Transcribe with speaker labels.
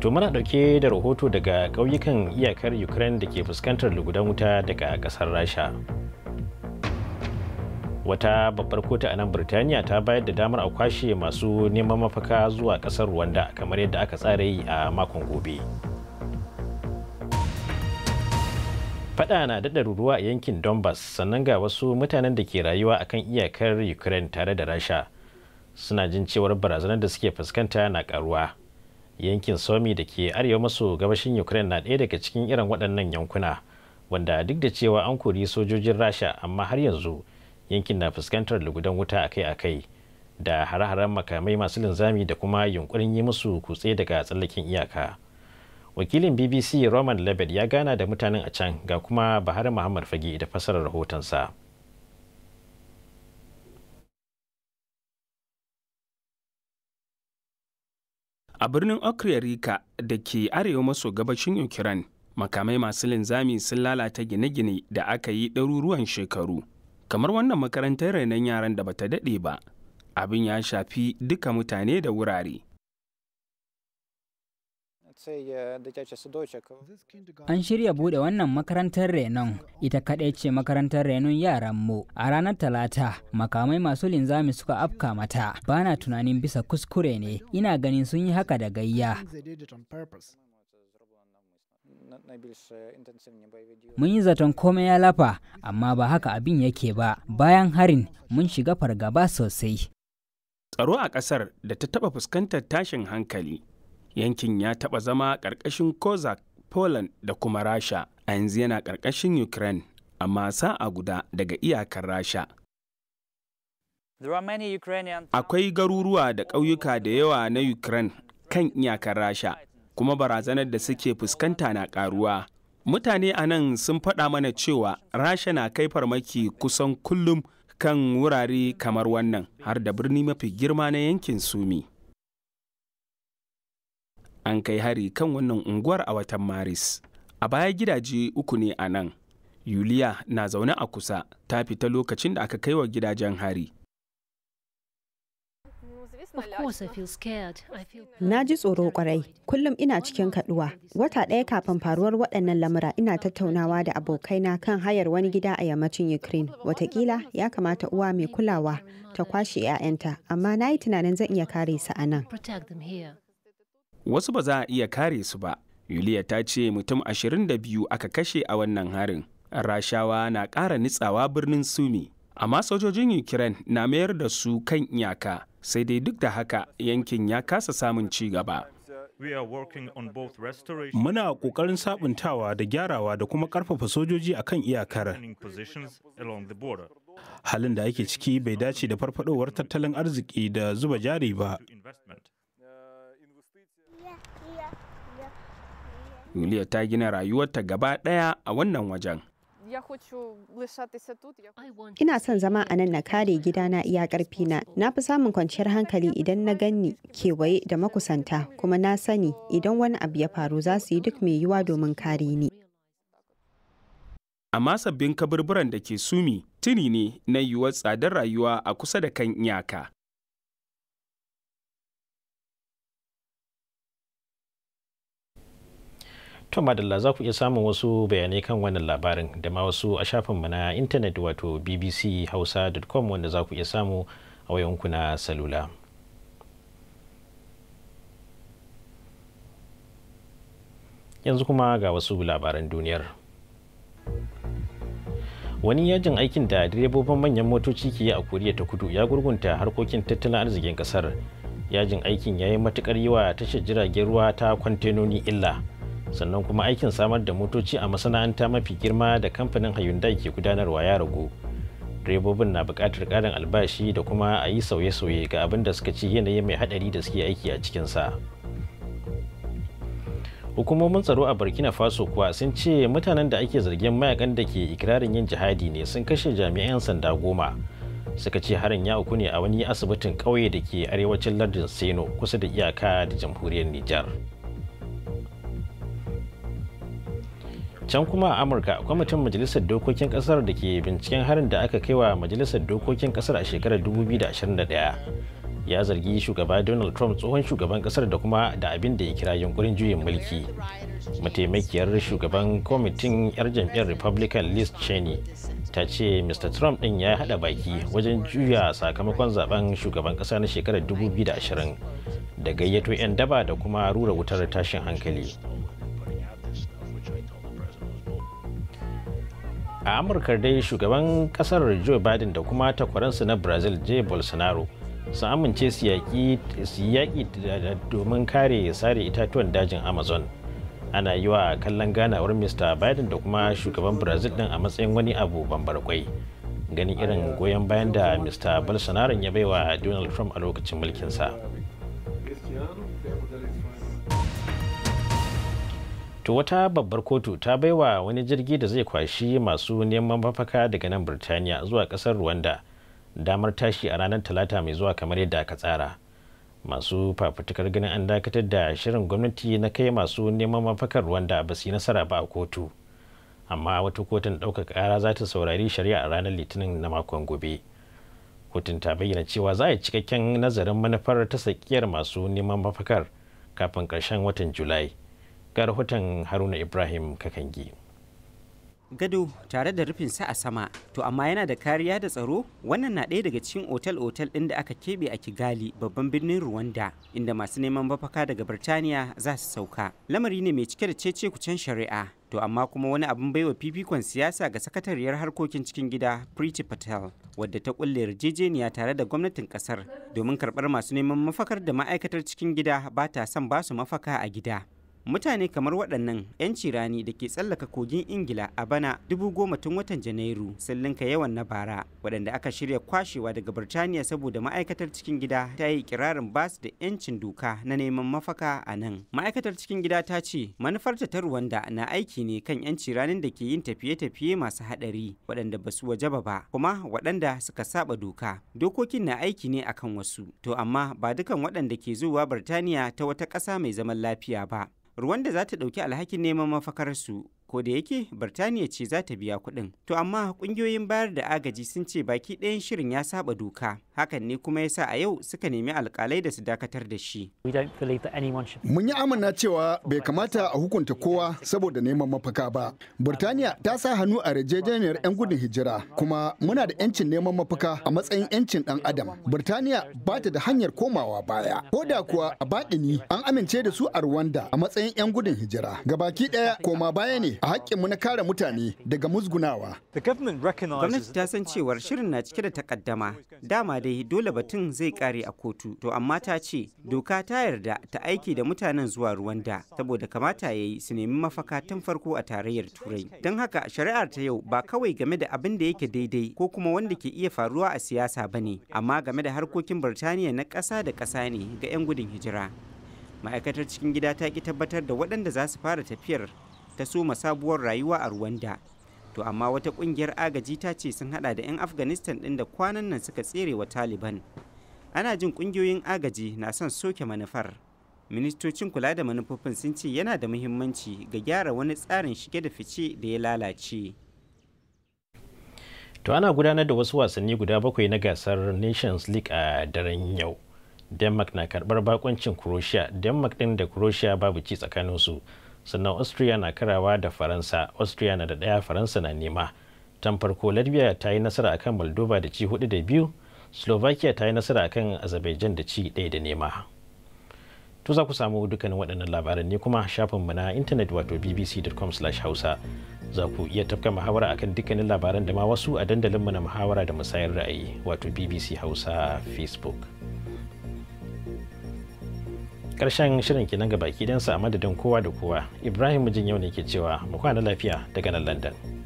Speaker 1: to muna dauke da rahoto daga ƙauyukan iyakar ukraine da ke fuskantar lugudan wuta daga ƙasar rasha wata babbar kotu a nan birtaniya ta bayar da damar a kwashe masu neman mafaka zuwa kasar rwanda kamar yadda aka tsara yi a makon gobe fada na dada ruruwa a yankin donbass sannan ga wasu mutanen da ke rayuwa a kan iyakar ukraine tare da rasha suna jin cewar barazanar da suke fuskanta na karuwa yankin somi da ke arewa maso gabashin ukraine na ɗaya daga cikin irin waɗannan yankuna wanda duk da cewa an kori sojojin rasha amma har yanzu yankin na fuskantar lugudan wuta akai-akai da hare-haren makamai masu linzami da kuma yunkurin yi musu kutse daga tsallakin iyaka wakilin bbc roman lebed ya gana da mutanen a can ga kuma bahar muhammad fage da fasarar rahotonsa. a birnin
Speaker 2: okrerika da ke arewa maso gabashin ukraine makamai masu linzami sun lalata gine-gine da aka yi ɗaruruwan shekaru kamar wannan makarantar renon yaran da bata daɗe ba abin ya shafi duka mutane da wurare
Speaker 1: Eh,
Speaker 3: An shirya bude wannan makarantar renon ita kadai ce makarantar renon yaran mu a ranar talata makamai masu linzami suka afka mata bana tunanin bisa kuskure ne ina ganin sun yi haka da gayya Mun yi zaton komai ya lafa amma ba haka abin yake ba bayan harin mun shiga fargaba sosai.
Speaker 2: Tsaro a ƙasar da ta taɓa fuskantar tashin hankali yankin ya taɓa zama ƙarƙashin kozak poland da kuma rasha a yanzu yana ƙarƙashin ukraine amma sa'a guda daga iyakar rasha akwai garuruwa da ƙauyuka da yawa na ukraine kan iyakar rasha kuma barazanar da suke fuskanta na ƙaruwa mutane a nan sun faɗa mana cewa rasha na kai farmaki kusan kullum kan wurare kamar wannan har da birni mafi girma na yankin sumi an kai hari kan wannan unguwar a watan maris a baya gidaje uku ne a nan yuliya na zaune a kusa ta fita lokacin da aka kai wa gidajen hari Na ji tsoro kwarai, kullum ina cikin kaduwa. Wata ɗaya kafin faruwar waɗannan lamura ina tattaunawa da abokaina kan hayar wani gida a yammacin Ukraine. Watakila ya kamata uwa mai kulawa ta kwashe 'ya'yanta, amma na yi tunanin zan iya kare su a nan. wasu ba za a iya kare su ba yuliya ta ce mutum ashirin da biyu aka kashe a wannan harin rashawa na ƙara nitsawa birnin sumi amma sojojin ukraine na mayar da su kan iyaka sai dai duk da haka yankin ya kasa samun ci gaba Muna ƙoƙarin sabuntawa da gyarawa da kuma ƙarfafa sojoji a kan iyakar. Halin da ake ciki bai dace da farfadowar tattalin arziki da zuba jari ba. Yuliya ta gina rayuwarta gaba ɗaya a wannan wajen. Ina son zama a nan na kare gidana iya ƙarfina. Na fi samun kwanciyar hankali idan na ganni kewaye da makusanta kuma na sani idan wani abu ya faru za su yi duk mai yiwa domin kare ni. Amma sabbin kaburburan da ke sumi tuni ne na yiwuwar tsadar rayuwa a kusa da kan
Speaker 1: iyaka. To madalla za ku iya samun wasu bayanai kan wannan labarin da ma wasu a shafinmu na intanet wato bbchausa.com wanda za ku iya samu a wayanku na salula. Yanzu kuma ga wasu labaran duniyar. Wani yajin aikin da direbobin manyan motoci ke yi a Koriya ta kudu ya gurgunta harkokin tattalin arzikin kasar. Yajin aikin ya yi matukar yi wa tashar jiragen ruwa ta kwantenoni illa. sannan kuma aikin samar da motoci a masana'anta mafi girma da kamfanin Hyundai ke gudanarwa ya ragu direbobin na buƙatar ƙarin albashi da kuma a yi sauye-sauye ga abin da suka ci yanayi mai haɗari da suke aiki a cikinsa hukumomin tsaro a burkina faso kuwa sun ce mutanen da ake zargin mayakan da ke ikirarin yin jihadi ne sun kashe jami'an sanda goma suka ce harin ya uku ne a wani asibitin ƙauye da ke arewacin lardin seno kusa da iyaka da jamhuriyar nijar can kuma a amurka kwamitin majalisar dokokin kasar da ke binciken harin da aka kai wa majalisar dokokin kasar a shekarar 2021 ya zargi shugaba donald trump tsohon shugaban kasar da kuma da abin da ya kira yunkurin juyin mulki mataimakiyar shugaban kwamitin yar jam'iyyar republican liz cheney ta ce mr trump din ya hada baki wajen juya sakamakon zaben shugaban kasa na shekarar 2020 da gayyato 'yan daba da kuma rura wutar tashin hankali a amurka dai shugaban kasar joe biden da kuma takwaransu na brazil j bolsonaro su amince su yaƙi domin kare sare itatuwan dajin amazon ana yi wa kallon ganawar mr biden da kuma shugaban brazil din a matsayin wani abu bambarkwai ganin irin goyon bayan da mr bolsonaro ya baiwa donald trump a lokacin mulkinsa. to wata babbar kotu ta baiwa wani jirgi da zai kwashi masu neman mafaka daga nan birtaniya zuwa kasar rwanda damar tashi a ranar talata mai zuwa kamar yadda aka tsara masu fafutukar ganin an dakatar da shirin gwamnati na kai masu neman mafakar rwanda ba su yi nasara ba a kotu amma wata kotun ɗaukar ƙara za ta saurari shari'a a ranar litinin na makon gobe kotun ta bayyana cewa za a yi cikakken nazarin manufar ta masu neman mafakar kafin ƙarshen watan julai ga rahoton haruna ibrahim kakangi
Speaker 3: gado tare da rufin sa a sama to amma yana da kariya da tsaro wannan na ɗaya daga cikin otal-otal ɗin da aka keɓe a kigali babban birnin rwanda inda masu neman mafaka daga birtaniya za su sauka lamari ne mai cike da cece kucen shari'a to amma kuma wani abin baiwa fifikon siyasa ga sakatariyar harkokin cikin gida Priti Patel wadda ta kulle yarjejeniya tare da gwamnatin kasar domin karbar masu neman mafakar da ma'aikatar cikin gida ba ta son basu mafaka a gida mutane kamar waɗannan 'yan cirani da ke tsallaka kogin ingila a bana dubu goma tun watan janairu sun linka yawan na bara waɗanda aka shirya kwashewa daga birtaniya saboda ma'aikatar cikin gida ta yi kirarin basu da 'yancin doka na neman mafaka a nan ma'aikatar cikin gida ta ce manufar ta ruwanda na aiki ne kan 'yan ciranin da ke yin tafiye-tafiye masu haɗari waɗanda ba su wajaba ba kuma waɗanda suka saba doka dokokin na aiki ne akan wasu to amma ba dukan waɗanda ke zuwa birtaniya ta wata ƙasa mai zaman lafiya ba ruwan da za ta ɗauki alhakin neman mafakarsu ko da yake birtaniya ce za ta biya kuɗin to amma ƙungiyoyin bayar da agaji sun ce baki ɗayan shirin ya saba doka hakan ne kuma ya sa a yau suka nemi alƙalai da su dakatar da shi
Speaker 2: mun yi amana cewa bai kamata a hukunta kowa saboda neman mafaka ba birtaniya ta sa hannu a yarjejeniyar 'yan gudun hijira kuma muna da 'yancin neman mafaka a matsayin 'yancin ɗan adam birtaniya ba ta da hanyar komawa baya ko da kuwa a baɗini an amince da su a rwanda a matsayin 'yan gudun hijira gabaki ɗaya koma baya ne a mu na kare mutane daga
Speaker 3: musgunawa. Gwamnati ta san cewar shirin na cike da takaddama, dama dai dole batun zai kare a kotu, to amma ta ce doka ta yarda ta aiki da mutanen zuwa ruwan da saboda kamata ya yi su nemi mafaka tun farko a tarayyar Turai. Don haka shari'ar ta yau ba kawai game da abin da yake daidai ko kuma wanda ke iya faruwa a siyasa ba ne, amma game da harkokin Birtaniya na ƙasa da ƙasa ne ga 'yan gudun hijira. ma'aikatar cikin gida ta ki tabbatar da waɗanda za su fara tafiyar ta soma sabuwar rayuwa a Rwanda. To amma wata kungiyar agaji ta ce sun hada da 'yan Afghanistan ɗin da kwanan nan suka tsere wa Taliban. Ana jin kungiyoyin agaji na son soke manufar. Ministocin kula da manufofin sun ce yana da muhimmanci ga gyara wani tsarin shige da fice da ya lalace.
Speaker 1: To ana gudanar da wasu wasanni guda bakwai na gasar Nations League a daren yau. denmark na karbar bakoncin croatia denmark din da croatia babu ci tsakaninsu sannan austria na karawa da faransa austria na da daya faransa na nema tan farko latvia ta yi nasara akan moldova da ci hudu da biyu slovakia ta yi nasara akan azerbaijan da ci daya da nema to za ku samu dukkanin waɗannan labaran ne kuma shafin mu na intanet wato bbc.com hausa za ku iya tafka muhawara akan dukkanin labaran da ma wasu a dandalin mu na muhawara da musayar ra'ayi wato bbc hausa facebook karshen shirin kenan ga baki dansa a madadin kowa da kowa ibrahim jin yau ne ke cewa mu kwana lafiya daga nan london